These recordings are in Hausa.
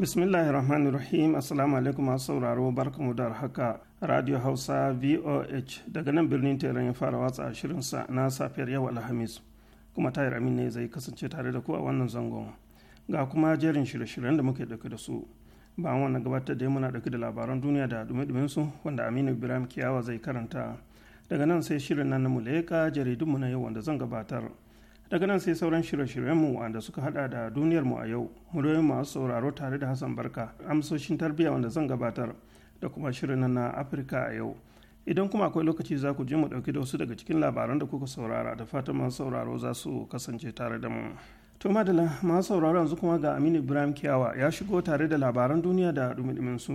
bismillahi rahmanir rahim assalamu alaikum masu sauraro mu da haka radio hausa voh daga nan birnin teran ya fara watsa shirinsa na safiyar yau alhamis kuma tayar amin ne zai kasance tare da ku a wannan zangon ga kuma jerin shirye-shiryen da muke dauke da su bayan wannan gabatar da muna dauke da labaran duniya da dumin su wanda aminu ibrahim kiyawa zai karanta daga nan sai shirin nan na muleka jaridunmu na yau wanda zan gabatar daga nan sai sauran shirye-shiryenmu wanda suka hada da duniyarmu a yau muryoyin masu sauraro tare da hassan barka amsoshin tarbiyya wanda zan gabatar da kuma shirin na afirka a yau idan kuma akwai lokaci za ku je mu dauki da wasu daga cikin labaran da kuka saurara da fatan masu sauraro za su kasance tare da mu to madalla masu sauraro yanzu kuma ga aminu ibrahim kiyawa ya shigo tare da labaran duniya da dumi su.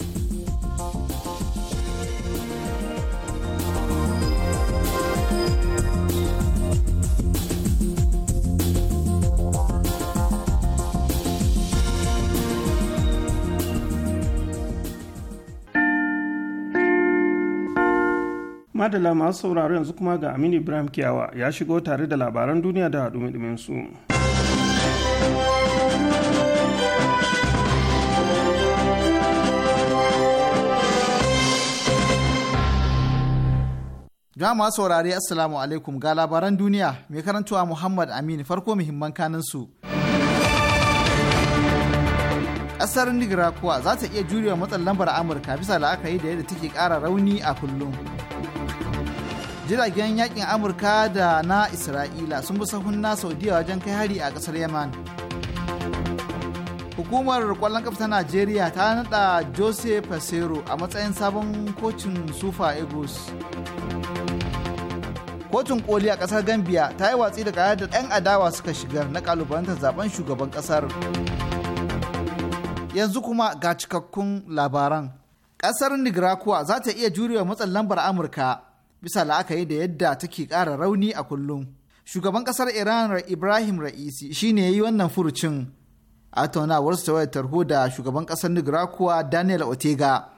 madala masu sauraro yanzu kuma ga aminu ibrahim kiyawa ya shigo tare da labaran duniya da dumi su. Jama'a saurari Assalamu alaikum ga labaran duniya mai karantuwa Muhammad Aminu farko muhimman kanin su. Ƙasar nigeria kuwa za ta iya jurewa matsalar lambar Amurka bisa la'akari da yadda take ƙara rauni a kullum. jiragen yakin amurka da na isra'ila sun bi sahun na saudiya wajen kai hari a kasar yaman hukumar kwallon kafa ta najeriya ta nada jose pasero a matsayin sabon kocin sufa Egos. kotun koli a kasar gambia ta yi watsi da kayar da 'yan adawa suka shigar na kalubalantar zaben shugaban kasar yanzu kuma ga cikakkun labaran kasar nigrakuwa za ta iya jurewa matsin lambar amurka bisa la'akari da yadda take ƙara rauni a kullum. Shugaban ƙasar Iran Ibrahim Ra'isi shine ya yi wannan furucin a tattaunawarsu ta tawaye tarho da shugaban ƙasar Nicaragua Daniel Otega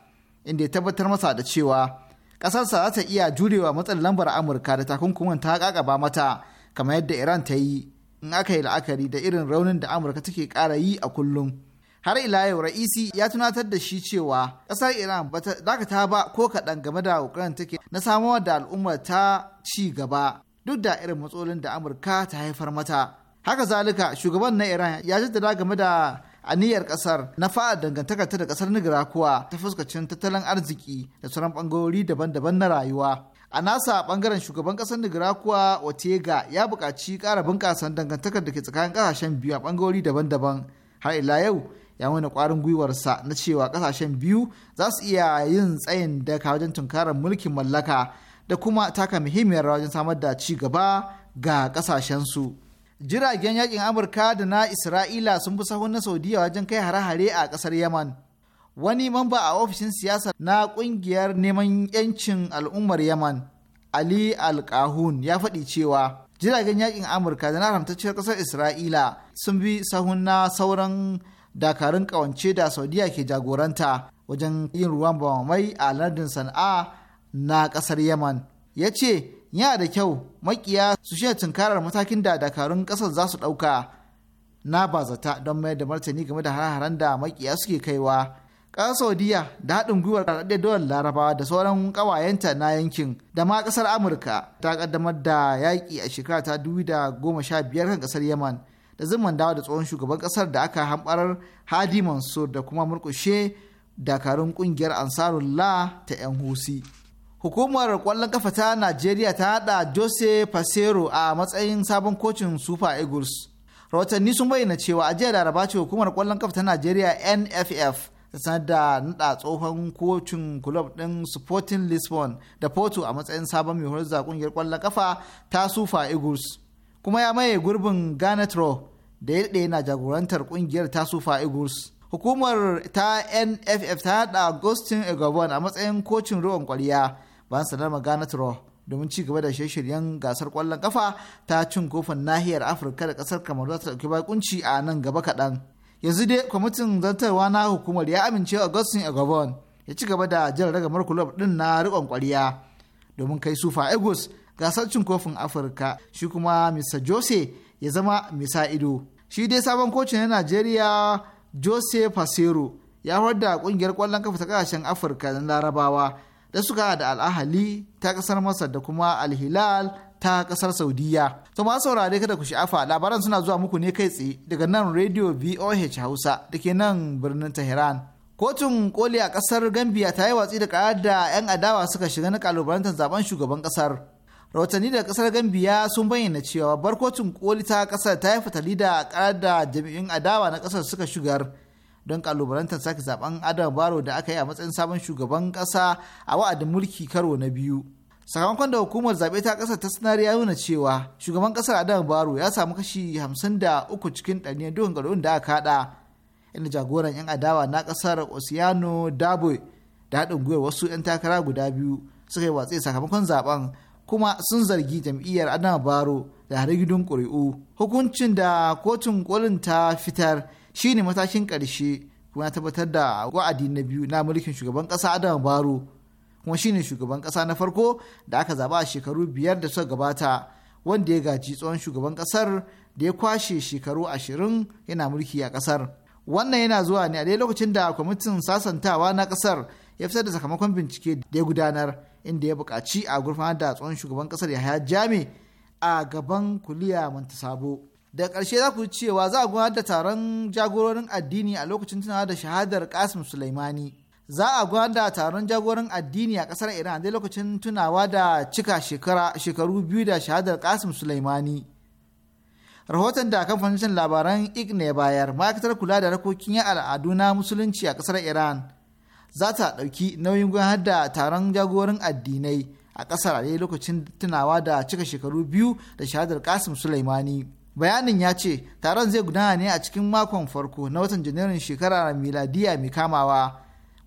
inda ya tabbatar masa da cewa ƙasarsa za ta iya jurewa matsalar lambar Amurka da takunkumin ta ƙaƙaba mata kamar yadda Iran ta yi in aka yi la'akari da irin raunin da Amurka take ƙara yi a kullum. har ila yau ra'isi ya tunatar da shi cewa ƙasar iran ba dakata ba ko kaɗan game da ƙoƙarin take na samar da al'ummar ta ci gaba duk da irin matsalolin da amurka ta haifar mata haka zalika shugaban na iran ya jaddada game da aniyar kasar na fa'a dangantaka ta da ƙasar kuwa ta fuskacin tattalin arziki da sauran bangarori daban-daban na rayuwa a nasa bangaren shugaban kasar kuwa otega ya buƙaci ƙara bunƙasa dangantakar da ke tsakanin ƙasashen biyu a bangarori daban-daban har ila yau ya wani kwarin gwiwarsa na cewa kasashen biyu za su iya yin tsayin daka wajen tunkarar mulkin mallaka da kuma taka muhimmiyar wajen samar da ci gaba ga su. Jiragen yakin Amurka da na Isra'ila sun bi sahun na Saudiya wajen kai hare-hare a kasar Yaman. Wani mamba a ofishin siyasa na kungiyar neman 'yancin al'ummar Yaman, Ali Alkahun ya faɗi cewa jiragen yakin Amurka da na haramtacciyar kasar Isra'ila sun bi sahun na sauran dakarun kawance da saudiya ke jagoranta wajen yin ruwan bamamai a lardin sana'a na kasar yaman ya ce yana da kyau makiya su shi tunkarar matakin da dakarun kasar za su ɗauka na bazata don mayar da martani game da haran da makiya suke kaiwa ƙasar saudiya da haɗin gwiwar ɗaɗɗe dolar larabawa da sauran ƙawayenta na yankin da ma ƙasar amurka ta ƙaddamar da yaƙi a shekara ta biyar kan ƙasar yaman da zimin dawa da tsohon shugaban kasar da aka hamɓarar hadi mansur da kuma murkushe dakarun kungiyar la ta yan husi hukumar kwallon kafa ta najeriya ta hada jose pasero a matsayin sabon kocin super eagles rahotanni sun bayyana cewa ajiya da laraba ce hukumar kwallon kafa ta najeriya nff ta sanar da nada tsohon kocin kulob din sporting lisbon da porto a matsayin sabon mai horar da kungiyar kwallon kafa ta super eagles kuma ya maye gurbin ganetro da ya na jagorantar kungiyar ta sufa eagles hukumar ta nff ta haɗa agustin egobon a matsayin kocin ruwan kwariya bayan sanar magana turo domin ci gaba da shirye-shiryen gasar kwallon kafa ta cin kofin nahiyar afirka da kasar kamar za ta ɗauki bakunci a nan gaba kaɗan yanzu dai kwamitin zantarwa na hukumar ya amince agustin egobon ya ci gaba da jan ragamar kulob ɗin na riƙon kwariya domin kai sufa eagles gasar cin kofin afirka shi kuma mr jose ya zama misa ido shi dai sabon kocin na najeriya jose fasero ya horar da kungiyar kwallon kafa ta kasashen afirka na larabawa da suka da al'ahali ta kasar masar da kuma alhilal ta kasar saudiya to ma saurare kada ku sha'afa labaran suna zuwa muku ne kai tsaye daga nan radio voh hausa da ke nan birnin tehran kotun koli a kasar gambia ta yi watsi da kayar da 'yan adawa suka shiga na kalubalantar zaben shugaban kasar rahotanni daga kasar gambiya sun bayyana cewa barkocin koli ta kasar ta yi fatali da karar da jami'in adawa na kasar suka shugar don kalubalantar sake zaben adam baro da aka yi a matsayin sabon shugaban kasa a wa'adin mulki karo na biyu sakamakon da hukumar zaɓe ta ƙasar ta sanar ya nuna cewa shugaban ƙasar adam baro ya samu kashi hamsin da uku cikin ɗari dukkan ƙuri'un da aka haɗa inda jagoran 'yan adawa na kasar osiano dabo da haɗin gwiwar wasu 'yan takara guda biyu suka yi watsi sakamakon zaben kuma sun zargi jam'iyyar adama baro da Gidun ƙuri'u hukuncin da kotun kolin ta fitar shine matakin ƙarshe kuma tabbatar da wa'adi na biyu na mulkin shugaban ƙasa adama baro kuma shine shugaban ƙasa na farko da aka zaba a shekaru biyar da suka gabata wanda ya gaji tsohon shugaban ƙasar da ya kwashe shekaru ashirin yana mulki a ƙasar wannan yana zuwa ne a lokacin da kwamitin sasantawa na ƙasar ya fitar da sakamakon bincike da ya gudanar inda ya buƙaci a gurfanar da tsohon shugaban ƙasar yahaya jami a gaban kuliya manta sabo da ƙarshe za ku ji cewa za a gudanar da taron jagororin addini a lokacin tunawa da shahadar kasim sulaimani za a gudanar da taron jagororin addini a ƙasar iran dai lokacin tunawa da cika shekaru biyu da shahadar kasim sulaimani rahoton da kamfanin labaran igna bayar ma'aikatar kula da harkokin al'adu na musulunci a ƙasar iran za ta ɗauki nauyin gudanar da taron jagoran addinai a ƙasar a lokacin tunawa da cika shekaru biyu da shahadar kasim sulaimani bayanin ya ce taron zai gudana ne a cikin makon farko na watan janairun shekara miladiya mai kamawa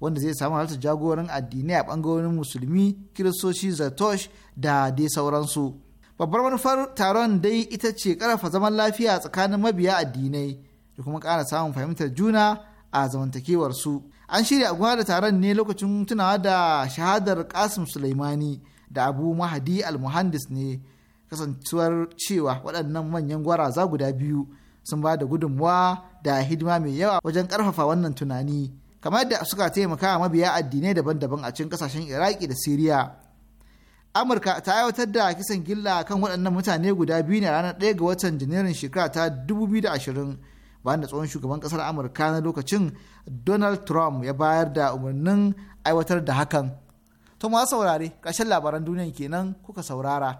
wanda zai samu halittar jagoran addinai a ɓangarorin musulmi kiristoci zatosh da dai sauransu babbar manufar taron dai ita ce ƙarfafa zaman lafiya tsakanin mabiya addinai da kuma ƙara samun fahimtar juna a zamantakewarsu an shirya a da taron ne lokacin tunawa da shahadar kasim sulaimani da abu mahadi muhandis ne kasancewar cewa waɗannan manyan gwaraza guda biyu sun ba da gudunmuwa da hidima mai yawa wajen ƙarfafa wannan tunani kamar yadda suka taimaka mabiya addinai daban-daban a cikin ƙasashen iraki da siriya amurka ta aiwatar da kisan gilla kan waɗannan mutane guda biyu ne ranar 1 ga watan janairun shekara ta 2020 bayan da tsohon shugaban kasar amurka na lokacin donald trump ya bayar da umarnin aiwatar da hakan to masu saurare ƙarshen labaran duniyan kenan kuka saurara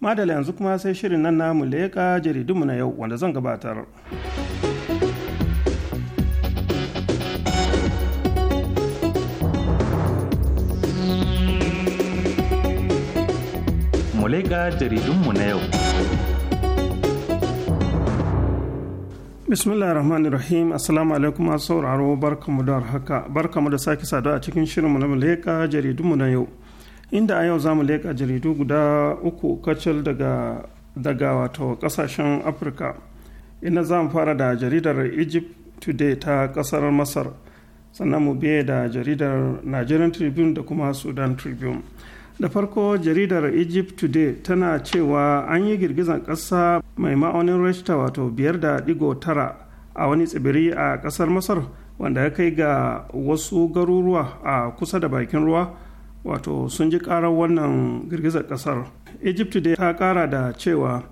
madala yanzu kuma sai shirin nan namu leƙa jaridunmu na yau wanda zan gabatar. misalai ga jaridunmu na yau. bismillah rahmanir rahim assalamu alaikum masu sauraro barkamu da haka barkamu da sake sadu a cikin shirinmu na leƙa jaridunmu na yau inda a yau za mu leƙa jaridu guda uku kacal daga daga wato kasashen afirka ina za mu fara da jaridar egypt today ta kasar masar sannan mu biye da jaridar nigerian tribune da kuma sudan tribune da farko jaridar egypt today tana cewa an yi girgizar ƙasa mai ma'aunin rashta wato biyar da digo tara a wani tsibiri a ƙasar masar wanda ya kai ga wasu garuruwa a kusa da bakin ruwa wato sun ji karar wannan girgizar ƙasar. egypt Today ta ƙara da cewa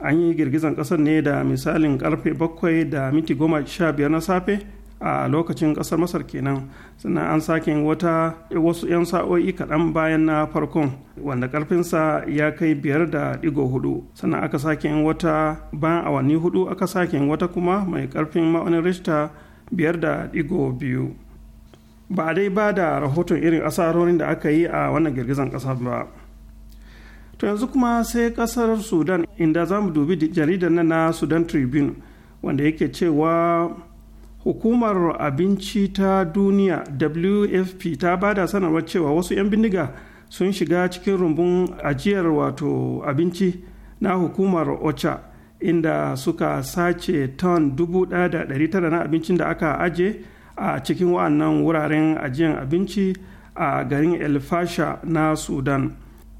an yi girgizar ƙasar ne da misalin karfe bakwai da miti goma sha biyar na safe a lokacin kasar masar kenan sannan an sake wata wasu 'yan sa'o'i kaɗan bayan na farkon wanda ƙarfinsa ya kai biyar da ɗigo hudu sannan aka sake wata bayan awanni hudu aka sake wata kuma mai ƙarfin ma'aunin rishta biyar da ɗigo biyu ba a dai ba da rahoton irin asarorin da aka yi a wannan girgizan ƙasa ba to yanzu kuma sai ƙasar sudan inda za mu dubi jaridar na sudan tribune wanda yake cewa hukumar abinci ta duniya wfp ta ba da sanarwar cewa wasu 'yan bindiga sun shiga cikin rumbun ajiyar wato abinci na hukumar ocha inda suka sace ton 1,900 na abincin da aka aje a cikin wa'annan wuraren ajiyar abinci a garin elfasha na sudan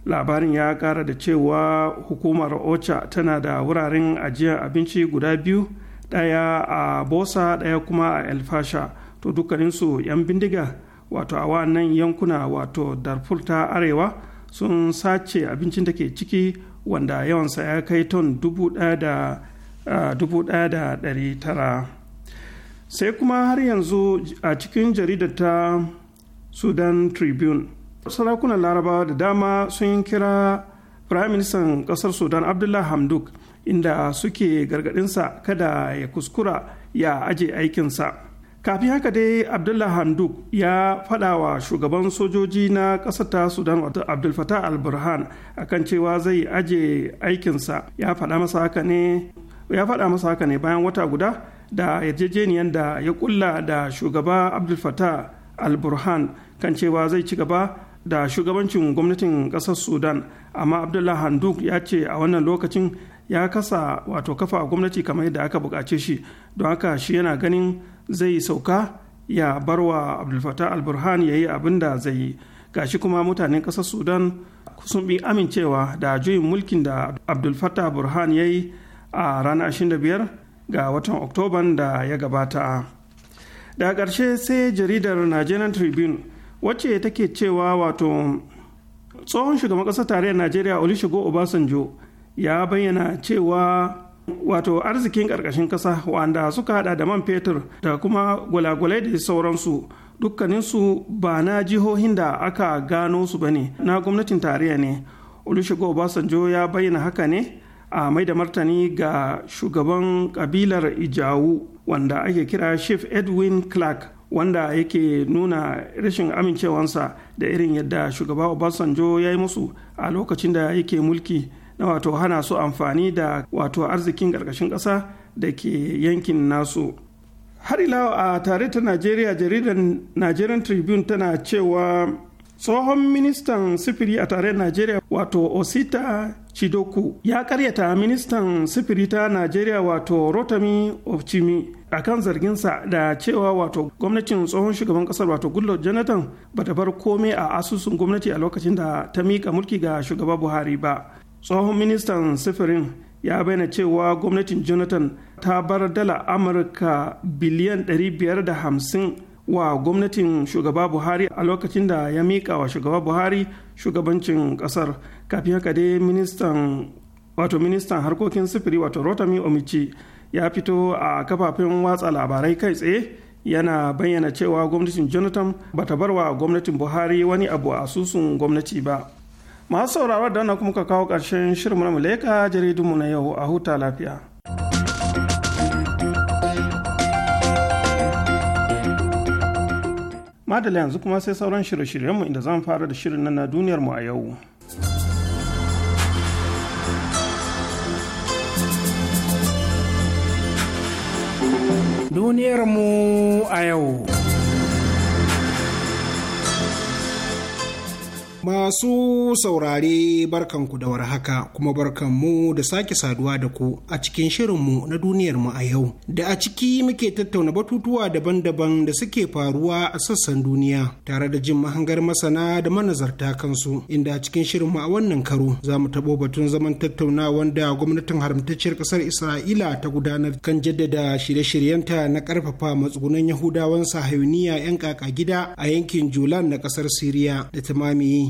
labarin ya kara da cewa hukumar ocha tana da wuraren ajiyar abinci guda biyu daya a bosa daya kuma a elfasha to dukkaninsu 'yan bindiga wato a wannan yankuna wato darfur ta arewa sun sace abincin da ke ciki wanda yawansa ya kai ton dubu daya da ɗari tara sai kuma har yanzu a cikin jarida ta sudan tribune sarakunan larabawa da dama sun kira firaministan kasar sudan abdullah hamduk inda suke gargaɗinsa kada ya kuskura ya aje aikinsa kafin haka dai abdullah handuk ya faɗawa shugaban sojoji na ƙasar ta sudan abdul fatah al-burhan akan cewa zai aje aikinsa ya faɗa masa haka ne ya fada masa haka ne bayan wata guda da yarjejeniyar da ya kulla da shugaba abdul fatah al-burhan kan cewa zai ci gaba da shugabancin gwamnatin ƙasar sudan amma abdullah handuk ya ce a wannan lokacin ya kasa wato kafa gwamnati kamar yadda aka buƙace shi don haka shi yana ganin zai sauka ya bar wa abdulfata alburhan ya yi abin da zai yi ga shi kuma mutanen ƙasar sudan sun bi amincewa da juyin mulkin da abdulfata burhan ya yi a ranar 25 ga watan oktoban da ya gabata da karshe sai jaridar nigerian tribune wacce take cewa wato tsohon shugaban ƙasar tarayyar najeriya olusegun obasanjo ya bayyana cewa wato arzikin ƙarƙashin ƙasa wanda suka hada da man fetur da kuma gwalagwalai da sauransu dukkaninsu ba na jihohin da aka gano su bane na gwamnatin tarayya ne olusegun obasanjo ya bayyana haka ne a mai da martani ga shugaban kabilar ijawu wanda ake kira chief edwin clark wanda yake nuna rashin amincewansa da irin yadda shugaba obasanjo ya yi musu a lokacin da yake mulki na wato hana su amfani da wato arzikin karkashin ƙasa da ke yankin nasu har ila a tare ta najeriya jaridar nigerian tribune tana cewa tsohon ministan sifiri a tare najeriya wato osita chidoku ya karyata ministan sifiri ta najeriya wato rotami chimi a kan zarginsa da cewa wato gwamnatin tsohon shugaban kasar wato goodluck jonathan ba ta bar komai a asusun gwamnati a lokacin da ta mika mulki ga shugaba buhari ba tsohon ministan sifirin ya bayyana cewa gwamnatin jonathan ta bar dala amurka biliyan 550 wa gwamnatin shugaba buhari a lokacin da ya miƙa wa shugaba buhari shugabancin ƙasar kafin haka dai ministan wato ministan harkokin sifiri wato rotami omichi ya fito a kafafen watsa labarai kai tsaye yana bayyana cewa gwamnatin jonathan bata bar wa gwamnatin buhari wani abu a asusun gwamnati ba masu saurawa da wannan kuma ka kawo ƙarshen shirin muleka jaridunmu na yau a huta lafiya madala yanzu kuma sai sauran shirye-shiryenmu inda zan fara da shirin na duniyarmu a yau duniyarmu a yau Masu saurare barkanku da warhaka kuma barkanmu da sake saduwa da ku a cikin shirinmu na duniyarmu a yau. Da a ciki muke tattauna batutuwa daban-daban da suke faruwa a sassan duniya tare da jin mahangar masana da manazarta kansu inda a cikin shirinmu a wannan karo za mu taɓo batun zaman tattaunawa da gwamnatin haramtacciyar ƙasar Isra'ila ta gudanar kan jaddada shirye-shiryenta na karfafa matsugunan Yahudawan sahayuniya 'yan kaka gida a yankin Julan na ƙasar Siriya da ta mamaye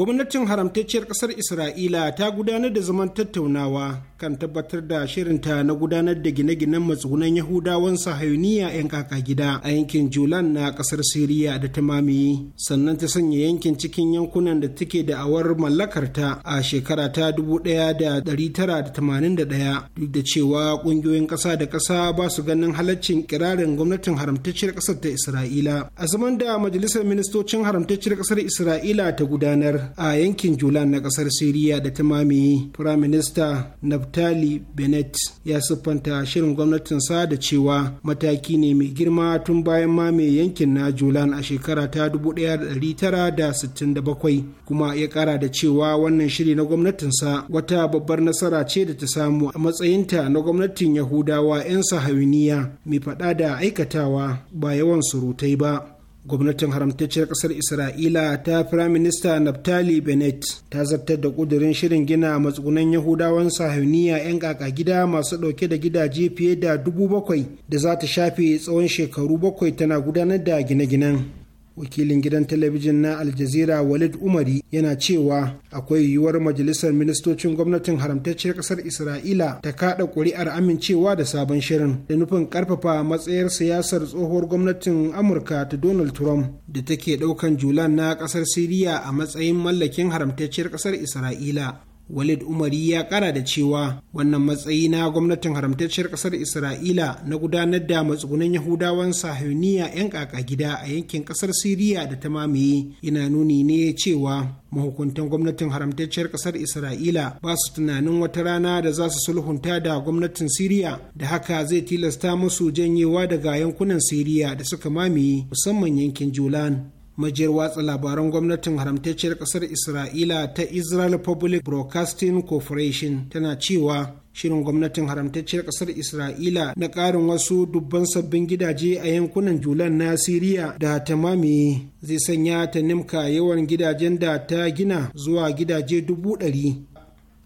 gwamnatin haramtacciyar ƙasar isra'ila ta gudanar da zaman tattaunawa kan tabbatar da shirinta na gudanar da gine-ginen matsunan yahudawan sahayuniya 'yan kaka gida a yankin julan na ƙasar siriya da ta mamaye sannan ta sanya yankin cikin yankunan da take da awar mallakarta a shekara ta 1981 duk da cewa ƙungiyoyin ƙasa da ƙasa ba su ganin halaccin kirarin gwamnatin haramtacciyar ƙasar ta isra'ila a zaman da majalisar ministocin haramtacciyar ƙasar isra'ila ta gudanar a yankin julan na kasar siriya da ta mamaye firaminista naftali bennett ya siffanta shirin gwamnatinsa da cewa mataki ne mai girma tun bayan mamaye yankin na julan a shekara ta 1967 kuma ya kara da cewa wannan shiri na gwamnatinsa wata babbar nasara ce da ta samu a matsayinta na gwamnatin yahudawa 'yan sahawiniya mai faɗa da aikatawa ba yawan surutai ba gwamnatin haramtacciyar kasar isra'ila ta firaminista naftali benet ta zartar da ƙudurin shirin gina matsugunan yahudawan sahuniya 'yan kaka gida masu ɗauke da gidaje fiye da dubu bakwai da za ta shafe tsawon shekaru bakwai tana gudanar da gine-ginen wakilin gidan talabijin na aljazira walid umari yana cewa akwai yiwuwar majalisar ministocin gwamnatin haramtacciyar kasar isra'ila ta kaɗa ƙuri'ar amincewa da sabon shirin da nufin ƙarfafa matsayar siyasar tsohuwar gwamnatin amurka ta donald trump da take ɗaukan julan na ƙasar siriya a matsayin mallakin haramtacciyar kasar isra'ila walid umari ya kara da cewa wannan matsayi na gwamnatin haramtacciyar kasar isra'ila na gudanar da matsugunan yahudawan sahiyoniya 'yan kaka gida a yankin ƙasar siriya da ta mamaye yana nuni ne cewa mahukuntan gwamnatin haramtacciyar kasar isra'ila ba su tunanin wata rana da za su sulhunta da gwamnatin siriya da haka zai tilasta musu janyewa daga yankunan siriya da suka mamaye musamman yankin julan majiyar watsa labaran gwamnatin haramtacciyar kasar isra'ila ta israel public broadcasting corporation tana cewa shirin gwamnatin haramtacciyar kasar isra'ila na ƙarin wasu dubban sabbin gidaje a yankunan julan na siriya da tamami zai sanya ta nimka yawan gidajen da ta gina zuwa gidaje dubu ɗari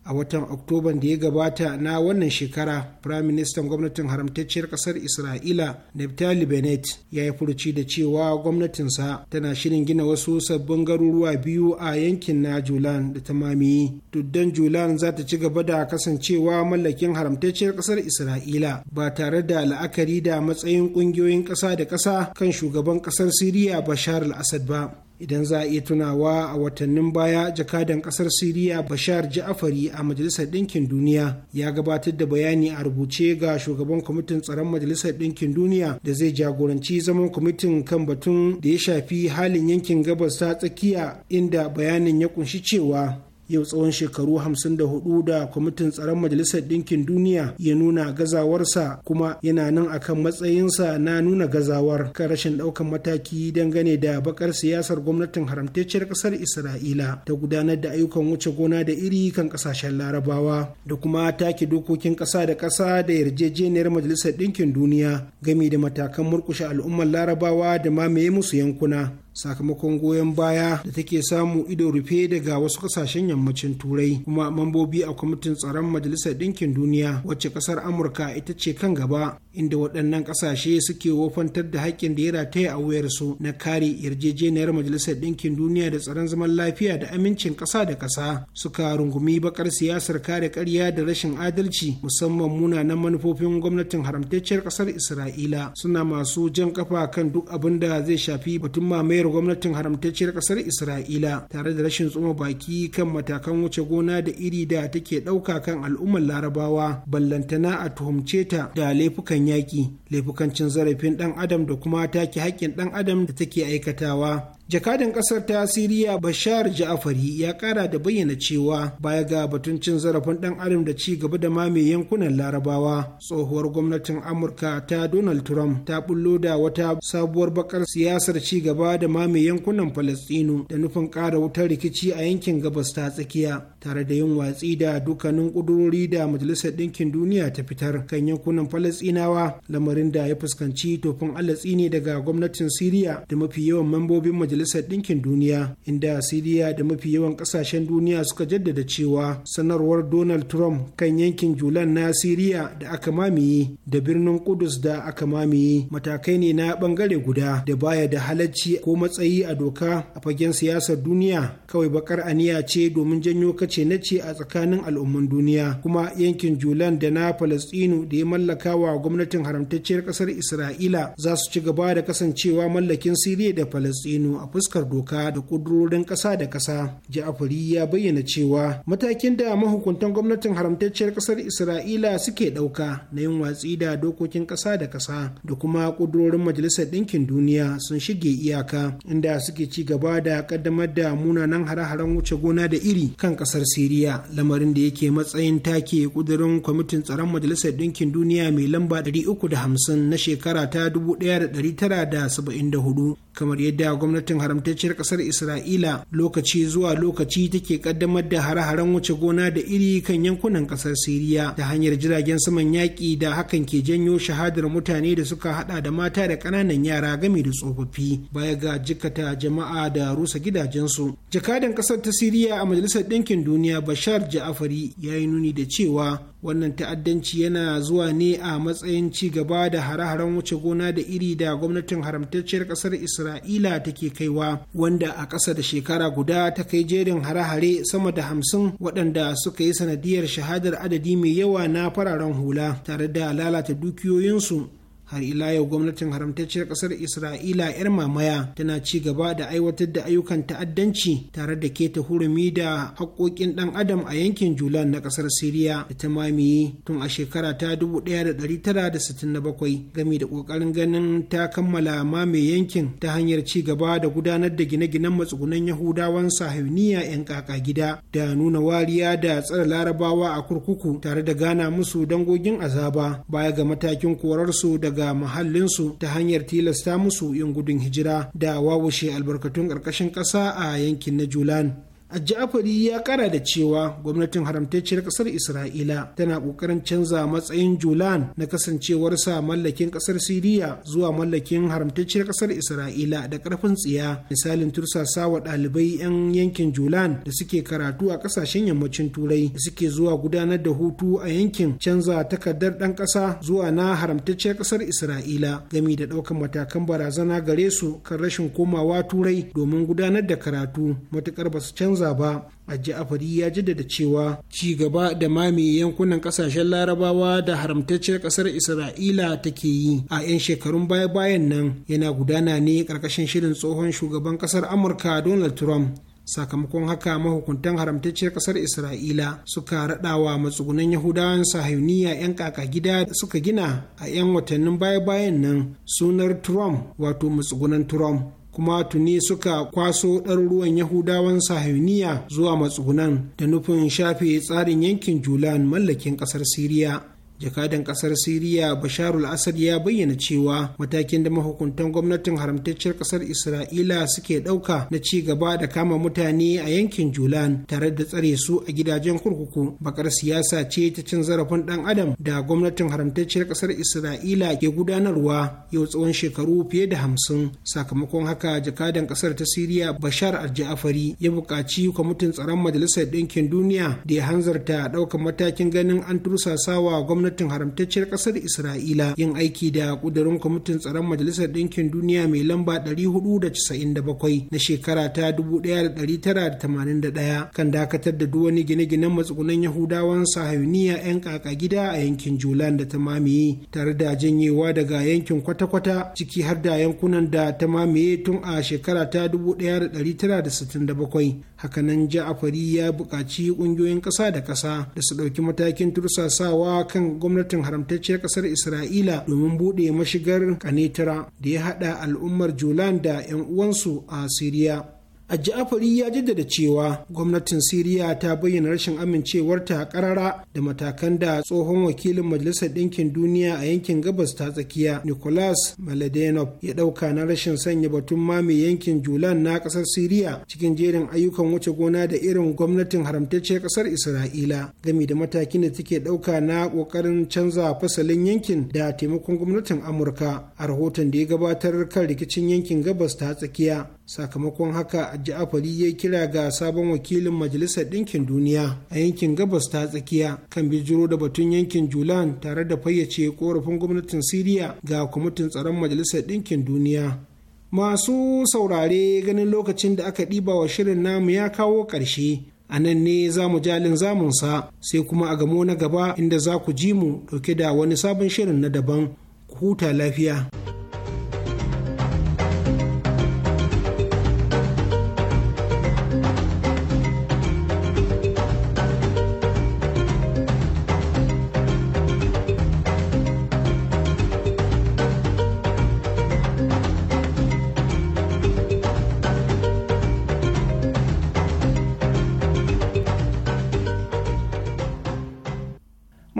a watan oktoban da ya gabata na wannan shekara firaministan gwamnatin haramtacciyar kasar isra'ila naftali bennett ya yi furuci da cewa gwamnatinsa tana shirin gina wasu sabbin garuruwa biyu a yankin na julan da ta mamaye duddan julan za ta ci gaba da kasancewa mallakin haramtacciyar kasar isra'ila ba tare da la'akari da matsayin kungiyoyin kasa da kasa kan shugaban kasar siriya bashar al-assad ba idan za a iya tunawa a watannin baya jakadan kasar siriya bashar ja'afari a majalisar ɗinkin duniya ya gabatar da bayani a rubuce ga shugaban kwamitin tsaron majalisar ɗinkin duniya da zai jagoranci zaman kwamitin kan batun da ya shafi halin yankin gabas ta tsakiya inda bayanin ya kunshi cewa yau tsawon shekaru 54 da kwamitin tsaron majalisar ɗinkin duniya ya nuna gazawarsa kuma yana nan akan matsayinsa na nuna gazawar kan rashin ɗaukan mataki dangane da bakar siyasar gwamnatin haramtacciyar ƙasar isra'ila ta gudanar da ayyukan wuce gona da iri kan ƙasashen larabawa da kuma take dokokin ƙasa da ƙasa da yarjejeniyar majalisar ɗinkin duniya gami da matakan murƙushe al'ummar larabawa da mamaye musu yankuna sakamakon goyon baya da take samu ido rufe daga wasu kasashen yammacin turai kuma mambobi a kwamitin tsaron majalisar ɗinkin duniya wacce ƙasar amurka ita ce kan gaba inda waɗannan ƙasashe suke wofantar da haƙƙin da ya rataya a wuyar su. na kare yarjejeniyar majalisar ɗinkin duniya da tsaron zaman lafiya da amincin ƙasa da ƙasa suka rungumi bakar siyasar kare ƙarya da rashin adalci musamman muna na manufofin gwamnatin haramtacciyar ƙasar isra'ila suna masu jan ƙafa kan duk abin da zai shafi batun mamayar mamayar gwamnatin haramtacciyar kasar isra'ila tare da rashin tsuma baki kan matakan wuce gona da iri da take ɗauka kan al'ummar larabawa ballantana a tuhumce ta da laifukan yaƙi laifukan cin zarafin ɗan adam da kuma take haƙƙin ɗan adam da take aikatawa jakadan kasar ta siriya bashar ja'afari ya kara da bayyana cewa baya ga batun cin zarafin dan adam da ci gaba da mame yankunan larabawa tsohuwar gwamnatin amurka ta donald trump ta bullo da wata sabuwar bakar siyasar ci gaba da mame yankunan falastinu da nufin kara wutar rikici a yankin gabas ta tsakiya tare da yin watsi da dukkanin kudurori da majalisar ɗinkin duniya ta fitar kan yankunan falastinawa lamarin da ya fuskanci tofin alatsi ne daga gwamnatin siriya da mafi yawan membobin majalisar majalisar ɗinkin duniya inda siriya da mafi yawan ƙasashen duniya suka jaddada cewa sanarwar donald trump kan yankin julan na siriya da aka mamaye da birnin kudus da aka mamaye matakai ne na ɓangare guda da baya da halacci ko matsayi a doka a fagen siyasar duniya kawai bakar aniya ce domin janyo kace na ce a tsakanin al'umman duniya kuma yankin julan da na falastinu da ya mallaka wa gwamnatin haramtacciyar ƙasar isra'ila za su ci gaba da kasancewa mallakin siriya da falastinu a fuskar doka da ƙudurorin ƙasa da ƙasa ja'afari ya bayyana cewa matakin da mahukuntan gwamnatin haramtacciyar ƙasar isra'ila suke ɗauka na yin watsi da dokokin ƙasa da ƙasa da kuma ƙudurorin majalisar ɗinkin duniya sun shige iyaka inda suke ci gaba da ƙaddamar da munanan hare-haren wuce gona da iri kan ƙasar siriya lamarin da yake matsayin take ƙudurin kwamitin tsaron majalisar ɗinkin duniya mai lamba 350 na shekara ta 1974 kamar yadda gwamnatin haramtacciyar kasar isra'ila lokaci zuwa lokaci take kaddamar da hare-haren wuce gona da iri kan yankunan kasar siriya ta hanyar jiragen saman yaƙi da hakan ke janyo shahadar mutane da suka hada da mata da ƙananan yara game da tsofaffi baya ga jikata jama'a da rusa gidajensu jakadan kasar ta siriya a majalisar ɗinkin duniya bashar ja'afari ya yi nuni da cewa wannan ta'addanci yana zuwa ne a matsayin ci gaba da hare-haren wuce gona da iri da gwamnatin haramtacciyar kasar isra'ila take kaiwa wanda a ƙasa da shekara guda ta kai jerin hare-hare sama da hamsin waɗanda suka yi sanadiyar shahadar adadi mai yawa na fararen hula tare da lalata dukiyoyinsu har ila yau gwamnatin haramtacciyar ƙasar isra'ila yar mamaya tana ci gaba da aiwatar da ayyukan ta'addanci tare da keta hurumi da haƙoƙin ɗan adam a yankin julan na kasar siriya da ta mamaye tun a shekara ta 1967 gami da ƙoƙarin ganin ta kammala mame yankin ta hanyar ci gaba da gudanar da gine-ginen matsugunan yahudawan sahiniya 'yan kaka gida da nuna wariya da tsare larabawa a kurkuku tare da gana musu dangogin azaba baya ga matakin korarsu da daga mahallinsu ta hanyar tilasta musu yin gudun hijira da wawushe albarkatun ƙarƙashin ƙasa a yankin na Julan. Ja'afari ya kara da cewa gwamnatin haramtacciyar kasar Isra'ila tana kokarin canza matsayin Julan na kasancewarsa mallakin kasar Siriya zuwa mallakin haramtacciyar kasar Isra'ila da karfin tsiya. Misalin tursasa wa ɗalibai 'yan yankin Julan da suke karatu a kasashen yammacin Turai da suke zuwa gudanar da hutu a yankin canza takardar ɗan ƙasa zuwa na haramtacciyar kasar Isra'ila gami da ɗaukar matakan barazana gare su kan rashin komawa Turai domin gudanar da karatu matukar ba su canza gaza ba a afari ya jaddada cewa ci gaba da mamaye yankunan kasashen larabawa da haramtacciyar kasar isra'ila take yi a 'yan shekarun baya bayan nan yana gudana ne karkashin shirin tsohon shugaban kasar amurka donald trump sakamakon haka mahukuntan haramtacciyar kasar isra'ila suka raɗawa matsugunan yahudawan sahiyuniya 'yan kaka gida suka gina a 'yan watannin baya-bayan nan sunar trump wato matsugunan trump kuma tuni suka kwaso ɗaruruwan yahudawan sahiniya zuwa matsugunan da nufin shafe tsarin yankin julan mallakin ƙasar siriya jakadan kasar siriya basharul asad ya bayyana cewa matakin da mahukuntan gwamnatin haramtacciyar kasar isra'ila suke dauka na ci gaba da kama mutane a yankin julan tare da tsare su a gidajen kurkuku bakar siyasa ce ta cin zarafin dan adam da gwamnatin haramtacciyar kasar isra'ila ke gudanarwa yau tsawon shekaru fiye da hamsin sakamakon haka jakadan kasar ta siriya bashar al-ja'afari ya buƙaci kwamitin tsaron majalisar ɗinkin duniya da ya hanzarta ɗaukar matakin ganin an tursasawa gwamnati gwamnatin haramtacciyar ƙasar isra'ila yin aiki da kudurin kwamitin tsaron majalisar ɗinkin duniya mai lamba 497 na shekara ta 1981 kan dakatar da duk wani gine-ginen matsugunan yahudawan sahayuniya 'yan kaka gida a yankin julan da ta mamaye tare da janyewa daga yankin kwata-kwata ciki har da yankunan da ta mamaye tun a shekara ta 1967 hakanan ja'afari ya buƙaci ƙungiyoyin ƙasa da ƙasa da su ɗauki matakin tursasawa kan gwamnatin haramtacciyar kasar isra'ila domin buɗe mashigar kanetara da ya haɗa al'ummar julan da 'yan uwansu a siriya a ja'afari ya jaddada cewa gwamnatin siriya ta bayyana rashin amincewarta karara da matakan da tsohon wakilin majalisar ɗinkin duniya a yankin gabas ta tsakiya nicolas maladenov ya ɗauka na rashin sanya batun mame yankin julan na ƙasar siriya cikin jerin ayyukan wuce gona da irin gwamnatin haramtacciyar ƙasar isra'ila gami da matakin da take ɗauka na ƙoƙarin canza fasalin yankin da taimakon gwamnatin amurka a rahoton da ya gabatar kan rikicin yankin gabas ta tsakiya sakamakon haka ja'afari ya kira ga sabon wakilin majalisar ɗinkin duniya a yankin gabas ta tsakiya kan bijiro da batun yankin julan tare da fayyace korafin gwamnatin siriya ga kwamitin tsaron majalisar ɗinkin duniya masu saurare ganin lokacin da aka ɗiba wa shirin namu ya kawo ƙarshe a nan ne za mu jalin zamunsa sai kuma a gamo na gaba inda za ku ji mu ɗauke da wani sabon shirin na daban ku huta lafiya.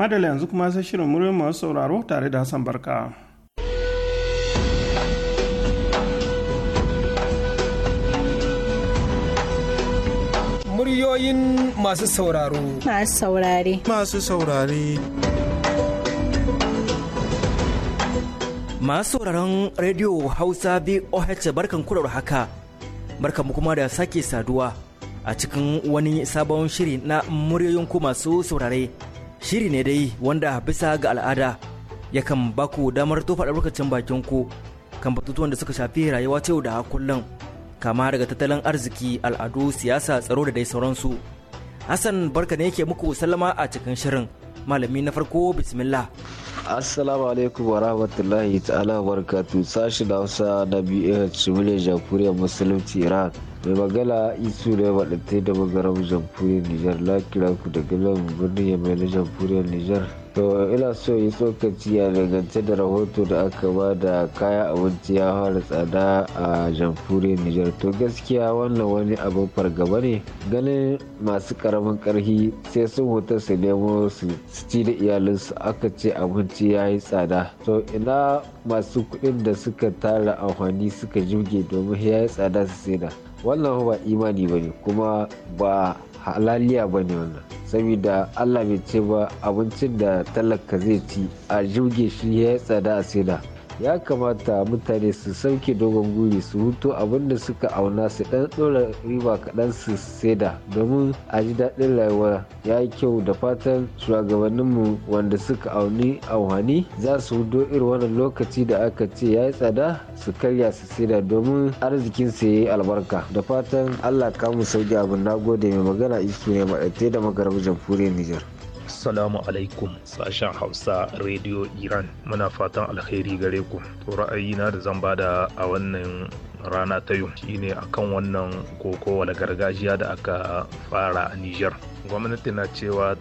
madala yanzu kuma sai shirin muryoyin masu sauraro tare da hassan barka muryoyin masu sauraro masu saurare masu saurare masu sauraron rediyo hausa boh barkan kurar haka barkan kuma da sake saduwa a cikin wani sabon shiri na muryoyin ku masu saurare shiri ne dai wanda bisa ga al'ada yakan baku damar tofa lokacin bakin ku kan batutuwan da suka shafi rayuwa ta yau da kullum kama daga tattalin arziki al'adu siyasa tsaro da dai sauransu hassan barka ne yake muku sallama a cikin shirin malami na farko bismillah assalamu alaikum wa rahmatullahi ta'ala wa sashi da hausa na bh muryar jamhuriyar musulunci iraq mai magana isu ne wadatai da magaram jamhuriyar nijar lakira ku da nan birnin yamma na jamhuriyar nijar to ina so yi tsokaci a dangance da rahoto da aka ba da kaya abinci ya fara tsada a jamhuriyar nijar to gaskiya wannan wani abin fargaba ne ganin masu karamin karhi sai sun hoto su nemo su ci da iyalinsu aka ce abinci ya yi tsada to ina masu kuɗin da suka tara amfani suka jirge domin ya yi tsada su saida wannan ba imani ba ne kuma ba halaliya ba ne wannan saboda allah bai ce ba abincin da talaka zai ci a jirge shi ya tsada a saida ya kamata mutane su sauke dogon guri su hutu abinda suka auna su dan dora riba kaɗan su saida domin a ji daɗin rayuwa ya yi kyau da fatan shugabanninmu wanda suka auni auhani za su hudo irin wannan lokaci da aka ce ya yi tsada su karya su saida domin arzikin su yi albarka da fatan allah kamu sauki abin nagode mai magana isu ne da magarar jamhuriyar nijar Assalamu alaikum sashen Hausa Radio Iran muna fatan alheri gare ku. To ra'ayina da zan bada a wannan rana ta yau shine akan wannan wala gargajiya da aka fara a Nijar. gwamnati na cewa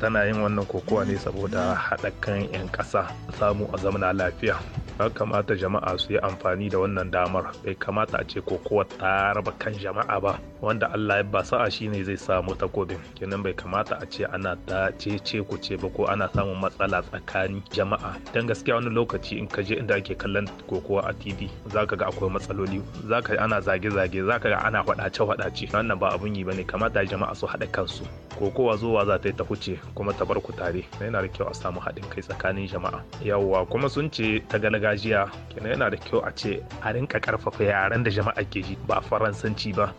tana yin wannan kokowa ne saboda haɗa kan 'yan ƙasa samu a zamana lafiya ya kamata jama'a su yi amfani da wannan damar bai kamata a ce kokowa ta raba kan jama'a ba wanda allah ya ba sa'a ne zai samu takobin kenan bai kamata a ce ana ta ce ku ce ba ko ana samun matsala tsakanin jama'a dan gaskiya wani lokaci in ka je inda ake kallon kokowa a tv zaka ga akwai matsaloli zaka ana zage-zage zaka ga ana faɗace-faɗace wannan ba abun yi bane kamata jama'a su haɗa kansu su ko kowa zuwa za ta yi ta huce kuma ta bar ku tare yana da kyau a samu haɗin kai tsakanin jama'a yawwa kuma sun ce ta gargajiya kenan yana da kyau a ce a rinka karfafa yaren da jama'a ke ji ba faransanci ba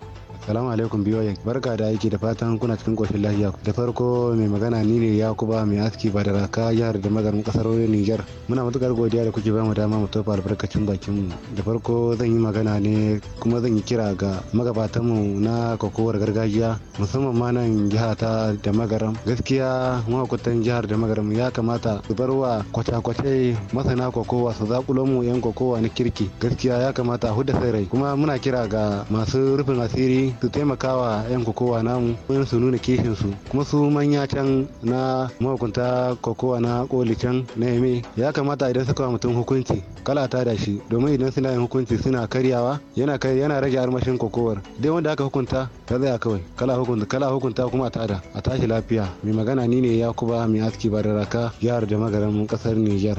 salamu alaikum biyoyin barka da aiki da fatan kuna cikin koshin lafiya da farko mai magana ni ne yakuba mai aski ba da raka jihar da magarin kasar niger muna matukar godiya da kuke bamu dama mu tofa albarkacin bakin mu da farko zan yi magana ne kuma zan yi kira ga magabatan mu na kokowar gargajiya musamman ma nan jiha ta da magaram gaskiya mahukuntan jihar da magaram ya kamata su bar wa kwace-kwace masana kokowa su zakulo mu yan kokowa na kirki gaskiya ya kamata a sai rai kuma muna kira ga masu rufin asiri su su taimakawa yan kokowa namu wajen su nuna kishin su kuma su manya can na mahukunta kokowa na koli can na yame ya kamata idan suka wa mutum hukunci kala ta da shi domin idan suna yin hukunci suna karyawa yana yana rage armashin kokowar dai wanda aka hukunta ta zaya kawai kala hukunta kala hukunta kuma a tada a tashi lafiya mai magana ni ne yakuba mai aski bararaka jihar da magaran kasar niger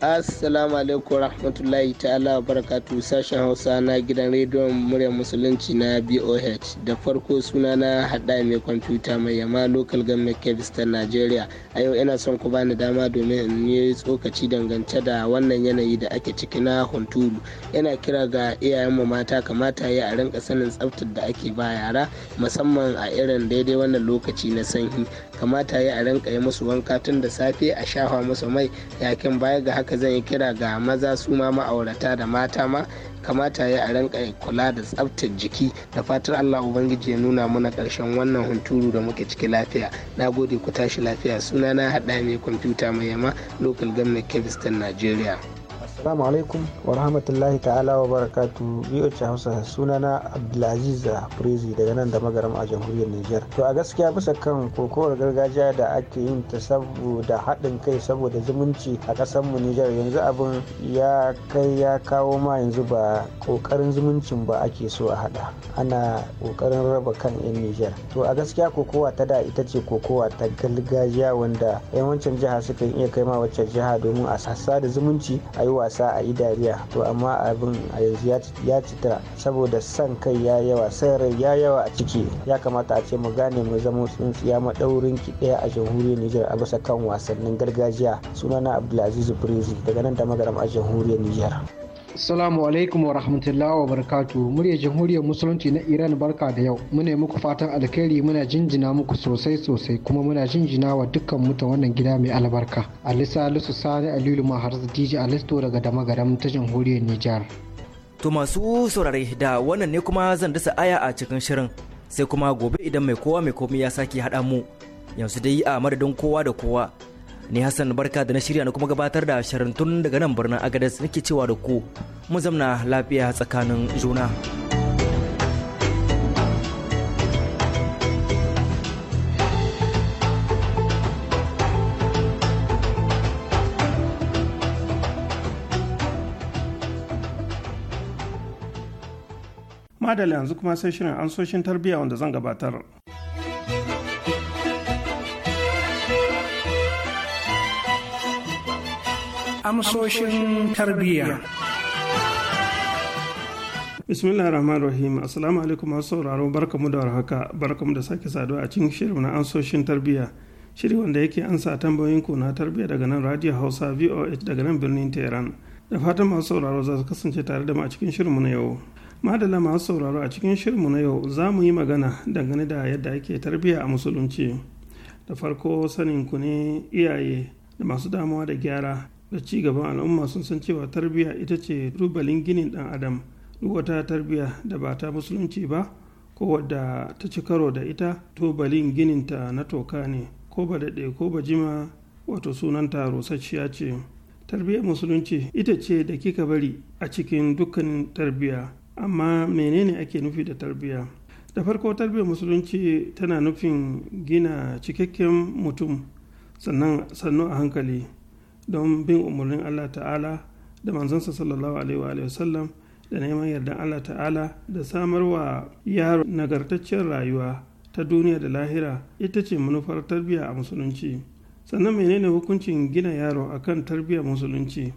assalamu alaikum rahmatullahi ta'ala wa barakatu sashen hausa na gidan rediyon muryar musulunci na boh da farko suna na hada mai kwamfuta mai yama local government kebis ta nigeria a yau ina son ku bani dama domin in yi tsokaci dangance da wannan yanayi da ake ciki na hunturu yana kira ga iyayenmu mata kamata ya a rinka sanin tsaftar da ake ba yara musamman a irin daidai wannan lokaci na sanyi kamata ya a rinka yi musu wanka tun da safe a shafa musu mai yakin baya ga haka zan yi kira ga maza su ma ma'aurata da mata ma kamata ya a ya kula da tsaftar jiki da fatar allah ubangiji ya nuna mana karshen wannan hunturu da muke ciki lafiya na gode ku tashi lafiya sunana haɗa mai kwamfuta mai yama local government kebistan nigeria Assalamu alaikum wa rahmatullahi ta'ala wa barakatu VOH Hausa sunana Abdulaziz Prezi daga nan da magaram a jamhuriyar Nijar. To a gaskiya bisa kan kokowar gargajiya da ake yin ta saboda haɗin kai saboda zumunci a ƙasar mu Nijar yanzu abin ya kai ya kawo ma yanzu ba kokarin zumuncin ba ake so a haɗa ana kokarin raba kan 'yan Nijar. To a gaskiya kokowa ta da ita ce kokowa ta gargajiya wanda yawancin jiha suka iya kai ma waccan jiha domin a sassa da zumunci a yi wasa a yi dariya to amma abin a yanzu ya cita saboda san kai ya yawa san rai ya yawa a ciki ya kamata a ce mu gane mu zama tsintsiya maɗaurin ki ɗaya a jamhuriyar Nijar a bisa kan wasannin gargajiya sunana Abdulaziz Brezi daga nan da magaram a jamhuriyar Nijar. Assalamu alaikum wa rahmatullahi wa barakatu murya jamhuriyar musulunci na Iran barka da yau muna muku fatan alkhairi muna jinjina muku sosai sosai kuma muna jinjina wa dukkan muta wannan gida mai albarka Alisa Alisu Sani Alilu Mahar DJ Alisto daga dama Damagaram ta jamhuriyar Nijar To masu saurare da wannan ne kuma zan dasa aya a cikin shirin sai kuma gobe idan mai kowa mai komai ya sake haɗa mu yanzu dai a madadin kowa da kowa Ni Hassan barka da na shirya na kuma gabatar da shirin tun daga nan birnin Agadez nake cewa da ku mu zamna lafiya tsakanin juna. Madalla yanzu kuma sai shirin ansoshin tarbiyya wanda zan gabatar. amsoshin tarbiyya. bismillah rahman rahim assalamu alaikum masu sauraro barkamu da warhaka barkamu da sake saduwa a cikin shirin na amsoshin tarbiyya shiri wanda yake ansa tambayoyin ku na tarbiyya daga nan radio hausa voh daga nan birnin tehran da fatan masu sauraro za su kasance tare da mu a cikin shirinmu na yau madalla masu sauraro a cikin shirinmu na yau za mu yi magana dangane da yadda ake tarbiyya a musulunci da farko sanin ku ne iyaye da masu damuwa da gyara da ci gaban al'umma sun san cewa tarbiyya ita ce rubalin ginin ɗan adam duk wata tarbiyya da ba ta musulunci ba ko wadda ta ci karo da ita tubalin gininta na toka ne ko ba daɗe ko ba jima wato sunan taro rosasshiya ce tarbiyyar musulunci ita ce da kika bari a cikin dukkanin tarbiyya amma menene ake nufi da tarbiyya da farko tarbiyyar musulunci tana nufin gina cikakken mutum sannan sannu a hankali don bin umarnin allah ta'ala da manzansa sallallahu alaihi wa sallam da neman yardan allah ta'ala da samar wa yaro nagartacciyar rayuwa ta duniya da lahira ita ce manufar tarbiyya a musulunci sannan menene hukuncin gina yaro akan tarbiyyar musulunci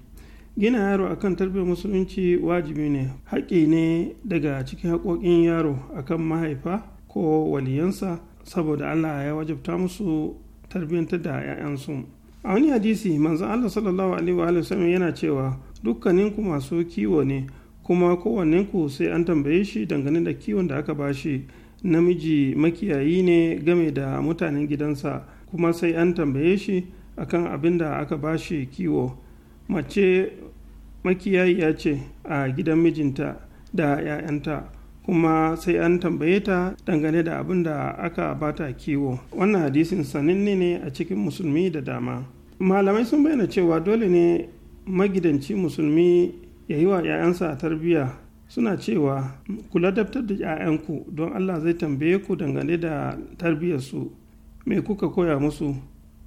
gina yaro akan tarbiyyar musulunci wajibi ne haƙƙi ne daga cikin haƙoƙin yaro akan mahaifa ko waliyansa saboda allah ya wajabta musu tarbiyyanta da 'ya'yansu a wani hadisi manzan allah sallallahu alaihi wa sallam yana cewa dukkaninku masu kiwo ne kuma ku sai an tambaye shi dangane da kiwon da aka bashi namiji makiyayi ne game da mutanen gidansa kuma sai an tambaye shi akan abin da aka bashi kiwo mace makiyayi ya ce a gidan mijinta da 'ya'yanta kuma sai an tambaye ta dangane da abin da aka bata kiwo wannan hadisin sananne ne a cikin musulmi da dama malamai sun bayyana cewa dole ne magidanci musulmi ya yi wa 'ya'yansa tarbiyya suna cewa ku ladabtar da 'ya'yanku don allah zai tambaye ku dangane da tarbiyyarsu mai kuka koya musu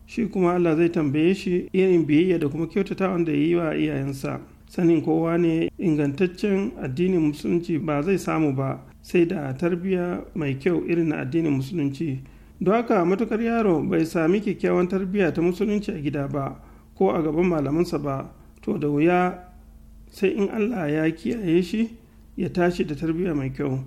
shi kuma allah zai tambaye shi irin biyayya da kuma kyautata wanda ya yi wa iyayensa sanin kowa ne ingantaccen addinin musulunci ba zai samu ba sai da tarbiyya mai kyau irin na addinin musulunci don haka matukar yaro bai sami kyakkyawan tarbiyya ta musulunci a gida ba ko a gaban malamansa ba to da wuya sai in allah ya kiyaye shi ya tashi da tarbiyya mai kyau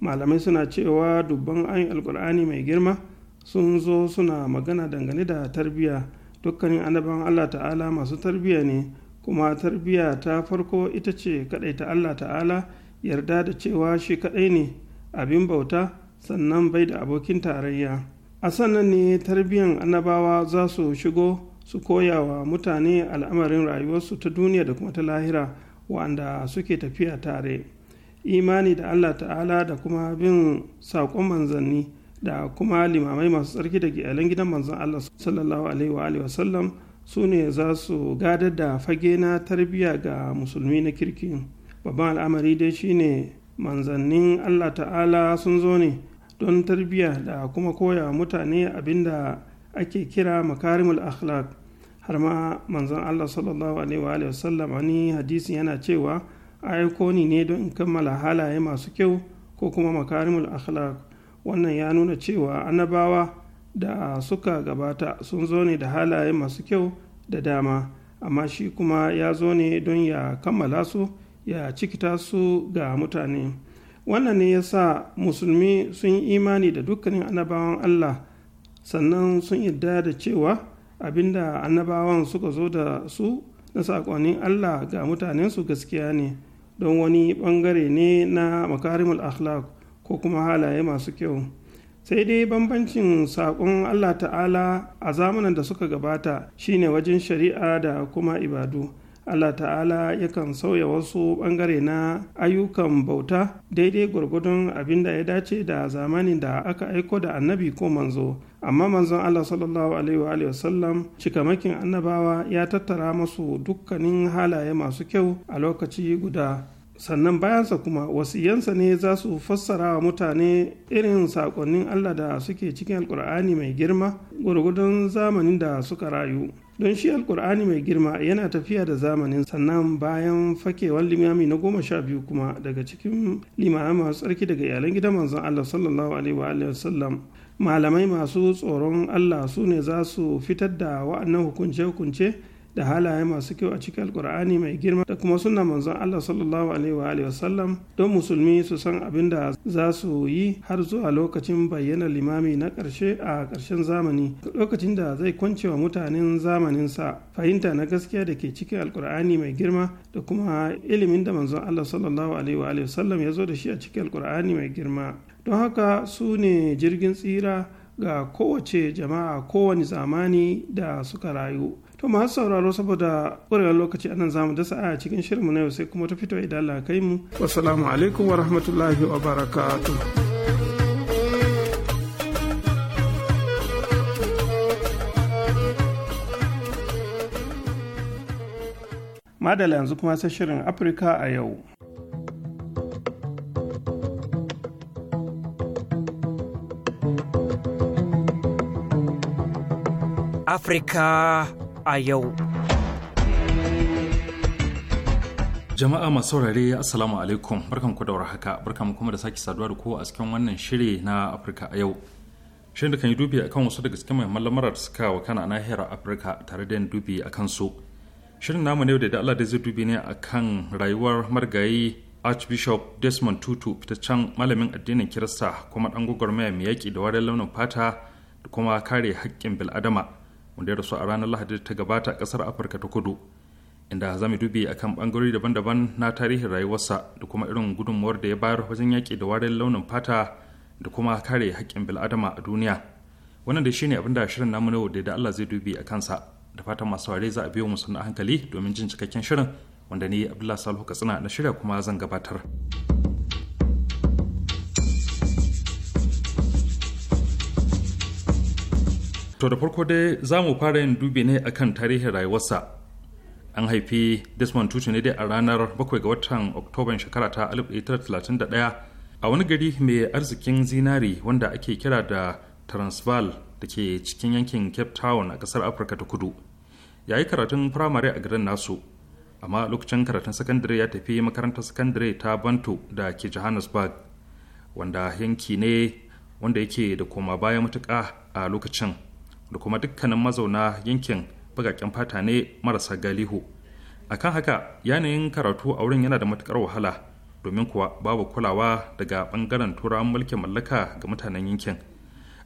malamai suna cewa dubban ayin alkur'ani mai girma sun zo suna magana dangane da tarbiyya dukkanin annaban allah ta'ala masu tarbiyya ne kuma tarbiyya ta farko ita ce ta Allah ta'ala yarda da cewa shi kaɗai ne abin bauta sannan bai da abokin tarayya a sannan ne tarbiyyan annabawa za su shigo su koya wa mutane al'amarin rayuwarsu ta duniya da kuma ta lahira wa'anda suke tafiya tare imani da allah ta'ala da kuma bin saƙon manzanni da kuma limamai masu tsarki da iyalan gidan manzan allah sallallahu alaihi wa sallam su ne za su gadar da fage na tarbiyya ga musulmi na kirki babban al'amari dai shine manzannin allah ta'ala sun zo ne don tarbiyya da kuma koya mutane abinda ake kira makarimul akhlaq har ma manzan allah sallallahu alaihi wa sallam wani hadisi yana cewa aiko ni ne don in kammala halaye masu kyau ko kuma makarimul akhlaq wannan ya nuna cewa annabawa da suka gabata sun zo ne da halaye masu kyau da dama amma shi kuma ya zo ne don ya kammala su ya cikita su ga mutane wannan ne ya sa musulmi sun yi imani da dukkanin annabawan allah sannan sun yarda da cewa abinda annabawan suka zo da su na saƙonin allah ga mutanensu gaskiya ne don wani ɓangare ne na makarimul akhlaq ko kuma halaye masu kyau sai dai bambancin saƙon allah ta'ala a zamanin da suka gabata shine wajen shari'a da kuma ibadu allah ta'ala yakan sauya wasu ɓangare na ayyukan bauta daidai gwargwadon abin da ya dace da zamanin da aka aiko da annabi ko manzo amma manzon allah sallallahu alaihi wa sallam cikamakin annabawa ya tattara masu dukkanin halaye masu kyau a lokaci guda sannan bayansa kuma wasiyansa ne za su fassara wa mutane irin saƙonnin Allah da suke cikin alkur'ani mai girma gwargwadon zamanin da suka rayu don shi alkur'ani mai girma yana tafiya da zamanin sannan bayan fakewar limami na goma sha biyu kuma daga cikin limami masu tsarki daga iyalan gidan manzon Allah sallallahu alaihi wa sallam malamai masu tsoron Allah su ne za su fitar da wa'annan hukunce-hukunce da halaye masu kyau a cikin alkur'ani mai girma da kuma suna manzon Allah sallallahu alaihi wa sallam don musulmi su san abin da za su yi har zuwa lokacin bayyana limami na ƙarshe a ƙarshen zamani lokacin da zai kwance wa mutanen zamaninsa fahimta na gaskiya da ke cikin alkur'ani mai girma da kuma ilimin da manzon Allah sallallahu alaihi wa sallam ya zo da shi a cikin alkur'ani mai girma don haka su ne jirgin tsira ga kowace jama'a kowane zamani da suka rayu to masu sauraro saboda ƙwarewar lokaci anan zamu dasa a cikin shirinmu na yau sai kuma ta fito idan Allah kai mu assalamu alaikum wa rahmatullahi wa barakatuh madala yanzu kuma sai shirin afirka a yau afirka a yau. Jama'a masu saurare Assalamu alaikum barkan ku da haka barkan kuma da sake saduwa da ku a cikin wannan shiri na Afirka a yau. Shirin da kan yi dubi akan wasu daga cikin muhimman lamarar da suka wa kana nahiyar Afirka tare da yin dubi akan su. Shirin namu ne da Allah da zai dubi ne akan rayuwar margayi Archbishop Desmond Tutu fitaccen malamin addinin Kirista kuma dan gwagwarmaya mai yaƙi da warin launin fata da kuma kare haƙƙin bil'adama. wanda ya rasu a ranar lahadi ta gabata a kasar afirka ta kudu inda za mu dubi akan bangarori daban-daban na tarihin rayuwarsa da kuma irin gudunmuwar da ya bayar wajen yaƙi da warin launin fata da kuma kare haƙƙin bil'adama a duniya wannan da shine abin da shirin namu na da Allah zai dubi a kansa da fata masu ware za a biyo musu na hankali domin jin cikakken shirin wanda ni Abdullahi Salihu Katsina na shirya kuma zan gabatar. To da farko dai za mu fara yin dubi ne akan tarihin rayuwarsa. An haifi Desmond Tutu ne dai a ranar 7 ga watan Oktoban shekara ta 1931 a wani gari mai arzikin zinari wanda ake kira da Transvaal da ke cikin yankin Cape Town a kasar Afirka ta Kudu. Ya yi karatun firamare a garin nasu, amma lokacin karatun sakandare ya tafi makarantar sakandare ta Banto da ke Johannesburg, wanda yanki ne wanda yake da koma baya matuka a lokacin. da kuma dukkanin mazauna yankin bagaken fata ne marasa galihu akan haka yanayin karatu a wurin yana da matukar wahala domin kuwa babu kulawa daga ɓangaren turawan mulkin mallaka ga mutanen yankin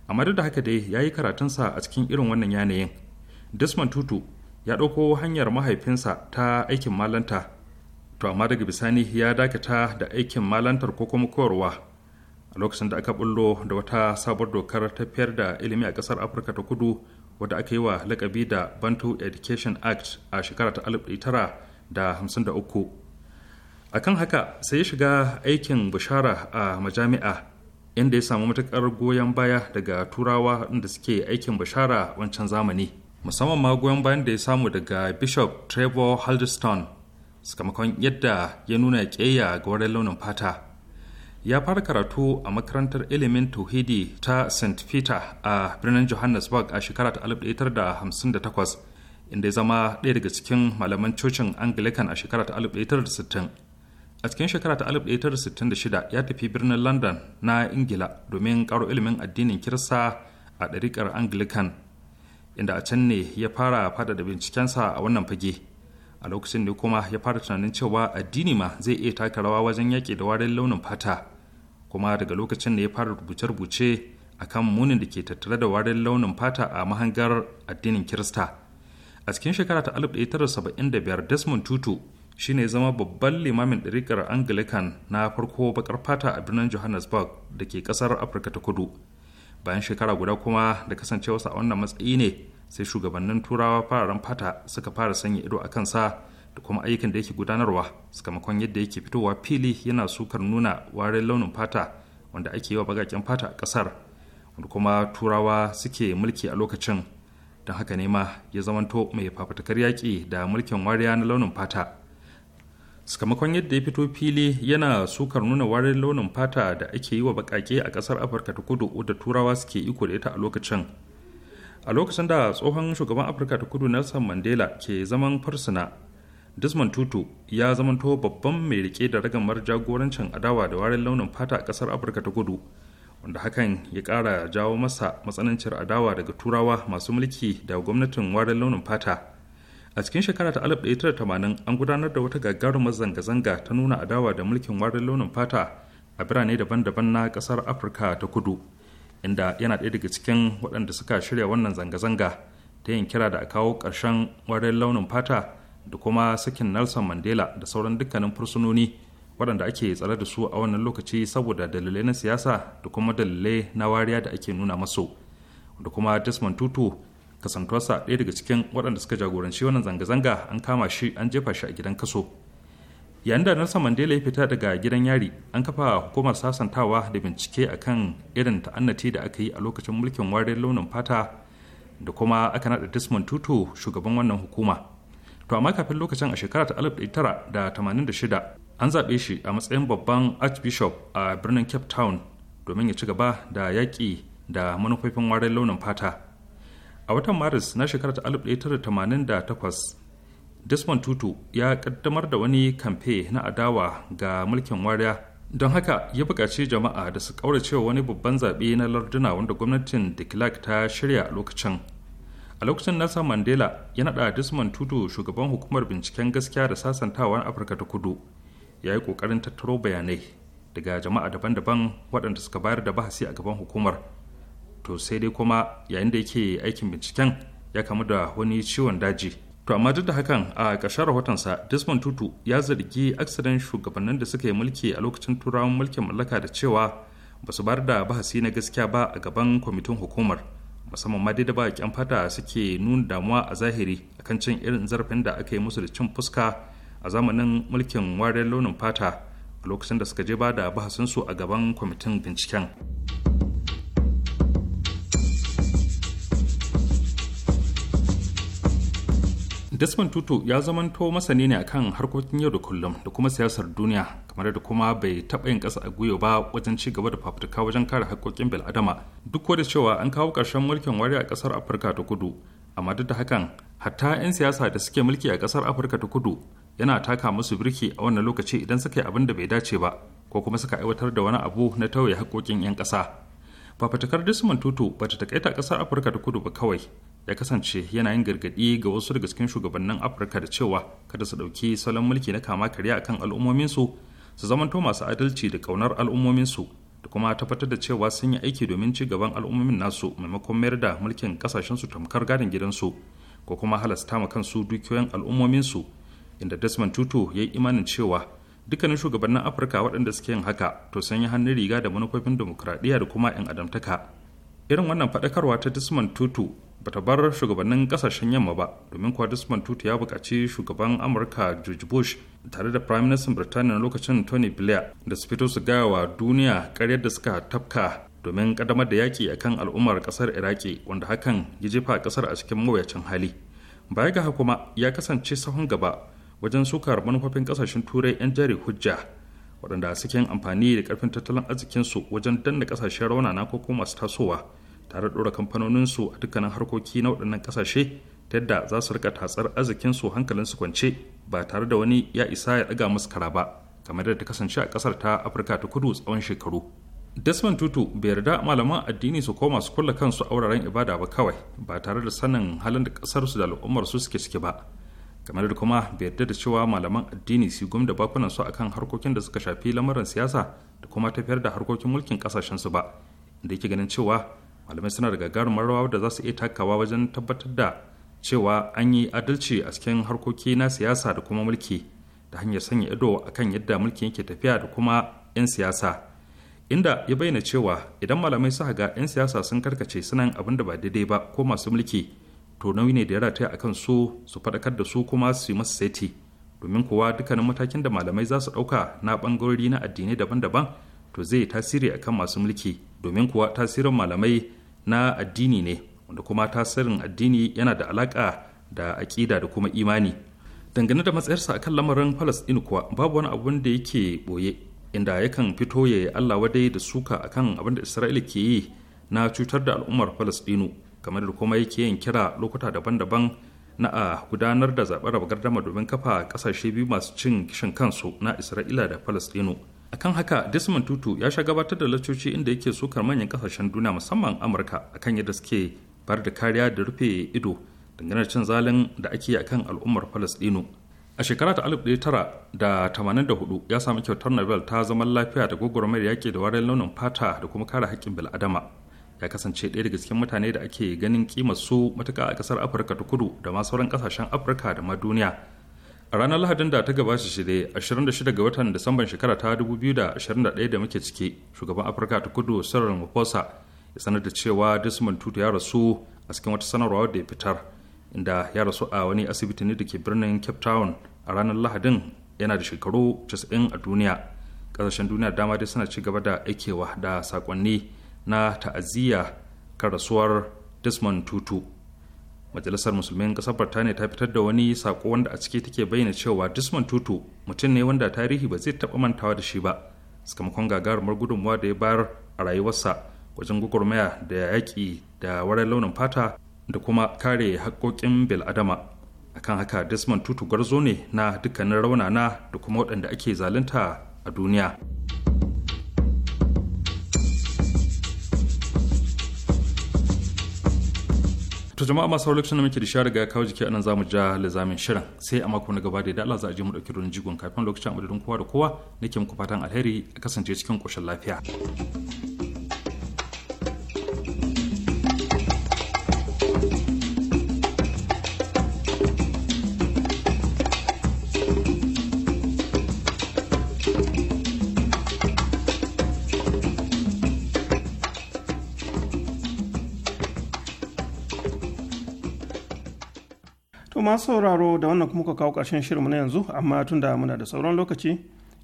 amma duk da haka dai ya yi karatunsa a cikin irin wannan yanayin desmond tutu ya ɗauko hanyar mahaifinsa ta aikin malanta to amma daga bisani ya dakata da aikin malantar ko kuma koyarwa a lokacin da aka bullo da wata sabuwar dokar tafiyar da ilimi a kasar afirka ta kudu wadda aka yi wa lakabi da bantu education act a shekara ta da da hamsin 1953 akan haka sai ya shiga aikin bishara a majami'a inda ya samu matukar goyon baya daga turawa inda suke aikin bishara wancan zamani musamman ma goyon bayan da ya samu daga bishop trevor haldestone sakamakon yadda ya nuna ƙeya ga wurin launin fata ya fara karatu a makarantar ilimin tauhidi ta st peter a birnin johannesburg a shekara ta 1958 inda ya zama ɗaya daga cikin malaman cocin anglican a shekara ta 1960 a cikin shekara ta 1966 ya tafi birnin london na ingila domin karo ilimin addinin kirista a ɗariƙar anglican inda a can ne ya fara fada bincikensa a wannan fage a lokacin da kuma ya fara tunanin cewa addini ma zai iya taka rawa wajen yaƙi da warin launin fata kuma daga lokacin da ya fara rubuce-rubuce a kan munin da ke tattare da warin launin fata a mahangar addinin kirista a cikin shekara ta 1975 desmond tutu shine zama babban limamin ɗarikar anglican na farko baƙar fata a birnin johannesburg da ke ƙasar afirka ta kudu bayan shekara guda kuma da kasancewarsa a wannan matsayi ne sai shugabannin turawa fararen fata suka fara sanya ido a kansa da kuma ayyukan da yake gudanarwa sakamakon yadda yake fitowa fili yana sukar nuna warin launin fata wanda ake yi wa bagaken fata a ƙasar wanda kuma turawa suke mulki a lokacin don haka ne ma ya zamanto mai fafatakar yaƙi da mulkin wariya na launin fata sakamakon yadda ya fito fili yana sukar nuna warin launin fata da ake yi wa baƙaƙe a ƙasar afirka ta kudu wadda turawa suke iko da ita a lokacin a lokacin da tsohon shugaban afirka ta kudu nelson mandela ke zaman farsuna. desmond tutu ya zamanto babban mai rike da ragamar jagorancin adawa da warin launin fata a kasar afirka ta kudu wanda hakan ya kara jawo masa matsanancin adawa daga turawa masu mulki da gwamnatin warin launin fata a cikin shekara ta 1980 an gudanar da wata gagarumar zanga-zanga ta nuna adawa da mulkin warin launin fata a birane daban-daban na kasar afirka ta kudu inda yana ɗaya daga cikin waɗanda suka shirya wannan zanga-zanga ta yin kira da a kawo ƙarshen warin launin fata da kuma sakin nelson mandela da sauran dukkanin fursunoni waɗanda ake tsare da su a wannan lokaci saboda dalilai na siyasa da kuma dalilai na wariya da ake nuna masu da kuma desmond tutu kasantuwarsa ɗaya daga cikin waɗanda suka jagoranci wannan zanga-zanga an kama shi an jefa shi a gidan kaso yayin da nelson mandela ya fita daga gidan yari an kafa hukumar sasantawa da bincike akan irin ta'annati da aka yi a lokacin mulkin wariyar launin fata da kuma aka naɗa desmond tutu shugaban wannan hukuma to amma kafin lokacin a shekara ta 1986 an zaɓe shi a matsayin babban archbishop a birnin cape town domin ya ci gaba da yaƙi da manufofin warin launin fata a watan maris na shekara ta 1988 desmond tutu ya ƙaddamar da wani kamfe na adawa ga mulkin wariya don haka ya buƙaci jama'a da su ƙauracewa wani babban zaɓe na larduna wanda gwamnatin de klerk ta shirya lokacin a lokacin nelson mandela ya naɗa desmond tutu shugaban hukumar binciken gaskiya da sasantawa afirka ta kudu ya yi ƙoƙarin tattaro bayanai daga jama'a daban-daban waɗanda suka bayar da bahasi a gaban hukumar to sai dai kuma yayin da yake aikin binciken ya kamu da wani ciwon daji to amma duk da hakan a ƙarshen rahotonsa desmond tutu ya zargi aksidan shugabannin da suka yi mulki a lokacin turawan mulkin mallaka da cewa ba su bayar da bahasi na gaskiya ba a gaban kwamitin hukumar musamman ma dai da baƙin fata suke nuna damuwa a zahiri kan cin irin zarafin da aka yi musu da cin fuska a zamanin mulkin wariyar launin fata a lokacin da suka je ba da bahasinsu a gaban kwamitin binciken. desmond tutu ya zamanto masani ne akan harkokin yau da kullum da kuma siyasar duniya kamar da kuma bai taɓa yin ƙasa a gwiwa ba wajen ci gaba da fafutuka wajen kare harkokin bil'adama duk da cewa an kawo ƙarshen mulkin wari a ƙasar afirka ta kudu amma duk da hakan hatta 'yan siyasa da suke mulki a ƙasar afirka ta kudu yana taka musu birki a wannan lokaci idan suka yi abin da bai dace ba ko kuma suka aiwatar da wani abu na tauye haƙoƙin 'yan ƙasa fafatakar desmond tutu ba ta takaita ƙasar afirka ta kudu ba kawai ya kasance yana yin gargaɗi ga wasu daga cikin shugabannin afirka da cewa kada su ɗauki salon mulki na kama karya akan al'ummominsu su zamanto masu adalci da ƙaunar al'ummominsu da kuma tabbatar da cewa sun yi aiki domin ci gaban al'ummomin nasu maimakon mayar da mulkin ƙasashensu tamkar gadon gidansu ko kuma halasta ma kansu dukiyoyin al'ummominsu inda desmond tutu ya yi imanin cewa dukkanin shugabannin afirka waɗanda suke yin haka to sun yi hannun riga da manufofin demokuraɗiyya da kuma 'yan adamtaka irin wannan faɗakarwa ta desmond tutu bata bar shugabannin kasashen yamma ba domin kuwa tutu ya buƙaci shugaban amurka george bush tare da prime minister birtaniya lokacin tony blair da su fito su gaya wa duniya karyar da suka tafka domin ƙaddamar da yaƙi a kan al'ummar ƙasar iraki wanda hakan ya jefa ƙasar a cikin mawuyacin hali baya ga kuma ya kasance sahun gaba wajen sukar manufofin kasashen turai 'yan jari hujja waɗanda suke amfani da ƙarfin tattalin arzikinsu wajen danna ƙasashen raunana ko kuma masu tasowa tare da ɗora su a dukkanin harkoki na waɗannan ƙasashe ta yadda za su rika tatsar arzikin su hankalin su kwance ba tare da wani ya isa ya ɗaga musu kara ba kamar yadda ta kasance a ƙasar ta afirka ta kudu tsawon shekaru desmond tutu bai yarda malaman addini su koma su kulla kansu a wuraren ibada ba kawai ba tare da sanin halin da ƙasarsu da al'ummar su suke ciki ba kamar da kuma bai yarda da cewa malaman addini su da bakunan su akan harkokin da suka shafi lamarin siyasa da kuma tafiyar da harkokin mulkin ƙasashensu su ba da yake ganin cewa malamai suna da gagarumar rawa da za su iya takawa wajen tabbatar da cewa an yi adalci a cikin harkoki na siyasa da kuma mulki da hanyar sanya ido a kan yadda mulkin yake tafiya da kuma 'yan siyasa inda ya bayyana cewa idan malamai suka ga 'yan siyasa sun karkace sunan abin da ba daidai ba ko masu mulki to nauyi ne da ya rataya a kan su su faɗakar da su kuma su yi masu saiti domin kuwa dukkanin matakin da malamai za su ɗauka na ɓangarori na addinai daban-daban to zai yi tasiri akan masu mulki domin kuwa tasirin malamai na addini ne wanda kuma tasirin addini yana da alaƙa da aƙida da kuma imani dangane da matsayarsa akan lamarin palestine kuwa babu wani abun da yake ɓoye inda yakan fito ya yi allah wadai da suka akan abin da isra'ila ke yi na cutar da al'ummar palestinu kamar da kuma yake yin kira lokuta daban-daban na a gudanar da zaɓen raba gardama domin kafa ƙasashe biyu masu cin kishin kansu na isra'ila da palestinu akan haka desmond tutu ya sha gabatar da lacoci inda yake sukar manyan kasashen duniya musamman amurka akan yadda suke bar da kariya da rufe ido dangane da cin zalin da ake yi akan al'ummar falastinu a shekara ta 1984 ya sami kyautar nobel ta zaman lafiya da gwagwarmayar yaƙi da warin launin fata da kuma kare haƙƙin bil'adama ya kasance ɗaya daga cikin mutane da ake ganin kimar su matuƙa a ƙasar afirka ta kudu da ma sauran ƙasashen afirka da ma duniya a ranar lahadin da ta gabata shirye 26 ga watan disamban shekara ta 2021 da muke ciki shugaban afirka ta kudu sarar mafosa ya sanar da cewa desmond tutu ya rasu a cikin wata sanarwa da ya fitar inda ya rasu a wani asibiti ne da ke birnin cape town a ranar lahadin yana da shekaru 90 a duniya kasashen duniya dama dai suna ci gaba da aikewa da sakonni na ta'aziyya kan rasuwar desmond tutu majalisar musulmin kasar birtaniya ta fitar da wani sako wanda a ciki take bayyana cewa disman tutu mutum ne wanda tarihi ba zai taɓa mantawa da shi ba sakamakon gagarumar gudunmawa da ya bayar a rayuwarsa wajen gwagwarmaya da yaƙi da wurin launin fata da kuma kare haƙƙoƙin bil'adama akan haka disman tutu gwarzo ne na dukkanin raunana da kuma waɗanda ake zalunta a duniya. to jama'a masu wani lokacin da muke da shi riga kawo jiki anan zamu ja lizamin shirin sai a mako na gaba da idan Allah za a je mu dauki don jigon kafin lokacin madadin kowa da kowa nake muku fatan alheri a kasance cikin koshin lafiya kuma sauraro da wannan kuma ka kawo ƙarshen shirinmu na yanzu amma tun da muna da sauran lokaci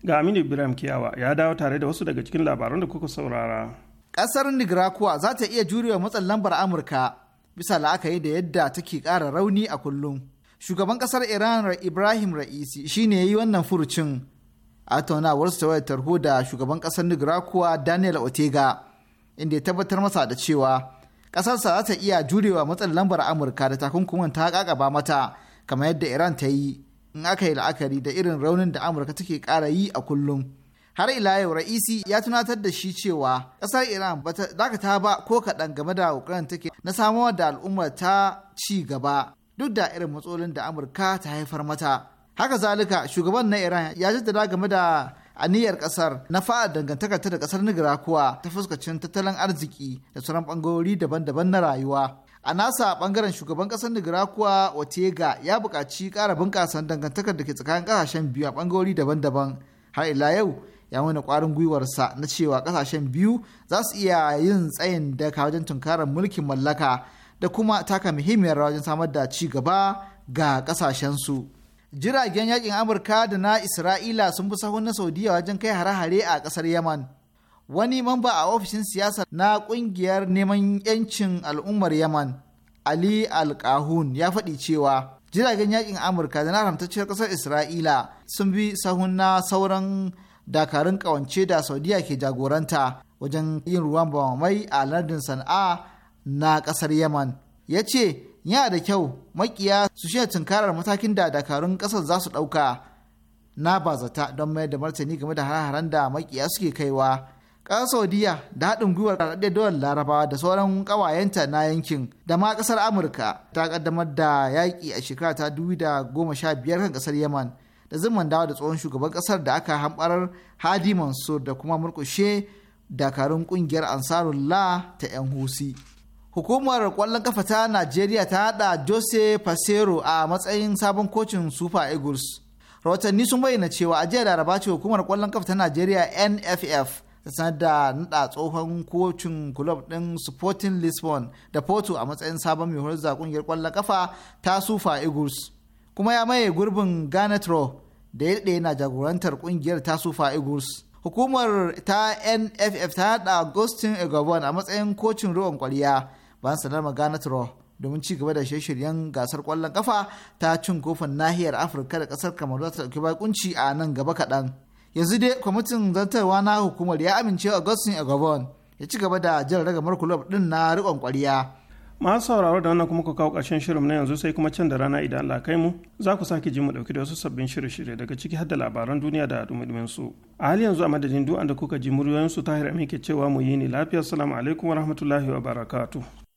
ga Aminu Ibrahim Kiyawa ya dawo tare da wasu daga cikin labaran da kuka saurara. Ƙasar Nigrakuwa za ta iya jurewa matsan lambar Amurka bisa la'akari da yadda take kara rauni a kullum. Shugaban ƙasar Iran Ibrahim Ra'isi shine ya yi wannan furucin a tattaunawarsa su tarho da shugaban ƙasar Nigrakuwa Daniel Otega inda ya tabbatar masa da cewa ƙasarsa za ta iya jurewa matsalar lambar amurka da takunkuman ta kakaba mata kamar yadda iran ta yi in aka yi la'akari da irin raunin da amurka take kara yi a kullum har ila yau ra'isi ya tunatar da shi cewa ƙasar iran ba ta dakata ba ko kaɗan game da ƙoƙarin take na samar da al'ummar ta ci gaba duk da irin matsalolin da amurka ta haifar mata haka zalika shugaban na iran ya jaddada game da a niyyar kasar na fara dangantakar ta da kasar kuwa ta fuskacin tattalin arziki da sauran bangarori daban-daban na rayuwa. A nasa bangaren shugaban kasar kuwa Otega ya buƙaci ƙara bunƙasa dangantakar da ke tsakanin ƙasashen biyu a bangarori daban-daban har ila yau ya nuna ƙwarin gwiwarsa na cewa ƙasashen biyu za su iya yin tsayin daka wajen tunkarar mulkin mallaka da kuma taka muhimmiyar wajen samar da ci gaba ga ƙasashensu. jiragen yakin amurka da na isra'ila sun fi sahun na saudiya wajen kai hare-hare a kasar yaman wani mamba a ofishin siyasa na kungiyar neman yancin al'ummar yaman ali alkahun ya faɗi cewa jiragen yakin amurka da na haramtacciyar kasar isra'ila sun bi sahun na sauran dakarun kawance da saudiya ke jagoranta wajen yin ruwan bamamai a lardin sana'a na kasar yaman ya ce yana da kyau makiya su shirya tunkarar matakin da dakarun ƙasar za su ɗauka na bazata don mayar da martani game da haraharan da makiya suke kaiwa. Ƙasar Saudiya da haɗin gwiwar ɗaɗɗe dawar Larabawa da sauran ƙawayenta na yankin da ma ƙasar Amurka ta ƙaddamar da yaƙi a shekara ta da biyar kan ƙasar Yaman da zuman dawa da tsohon shugaban ƙasar da aka hamɓarar Hadi Mansur da kuma murkushe dakarun ƙungiyar Ansarullah ta 'yan Husi. Hukumar kwallon kafa ta Najeriya ta hada Jose Pasero a matsayin sabon kocin Super Eagles. Rahotanni sun bayyana cewa a jiya laraba ce hukumar kwallon kafa ta Najeriya NFF ta sanar da naɗa tsohon kocin kulob din Sporting Lisbon da Porto a matsayin sabon mai horar da kungiyar kwallon kafa ta Super Eagles. Kuma ya maye gurbin Ganetro da ya daɗe yana jagorantar kungiyar ta Super Eagles. Hukumar ta NFF ta hada Agustin Egobon a matsayin kocin ruwan kwariya. bayan sanar magana turo domin ci gaba da shirye-shiryen gasar kwallon kafa ta cin kofin nahiyar afirka da kasar kamar za ta dauki bakunci a nan gaba kaɗan yanzu dai kwamitin zartarwa na hukumar ya amince a agabon ya ci gaba da jan ragamar kulob ɗin na rikon kwariya masu sauraro da wannan kuma ku kawo ƙarshen shirin na yanzu sai kuma can da rana idan Allah kai mu za ku sake ji mu ɗauki da wasu sabbin shirye-shirye daga ciki har da labaran duniya da dumi su a hali yanzu a madadin duk da kuka ji muryoyinsu su tahir ke cewa mu yi ni lafiya salamu alaikum wa rahmatullahi wa barakatu.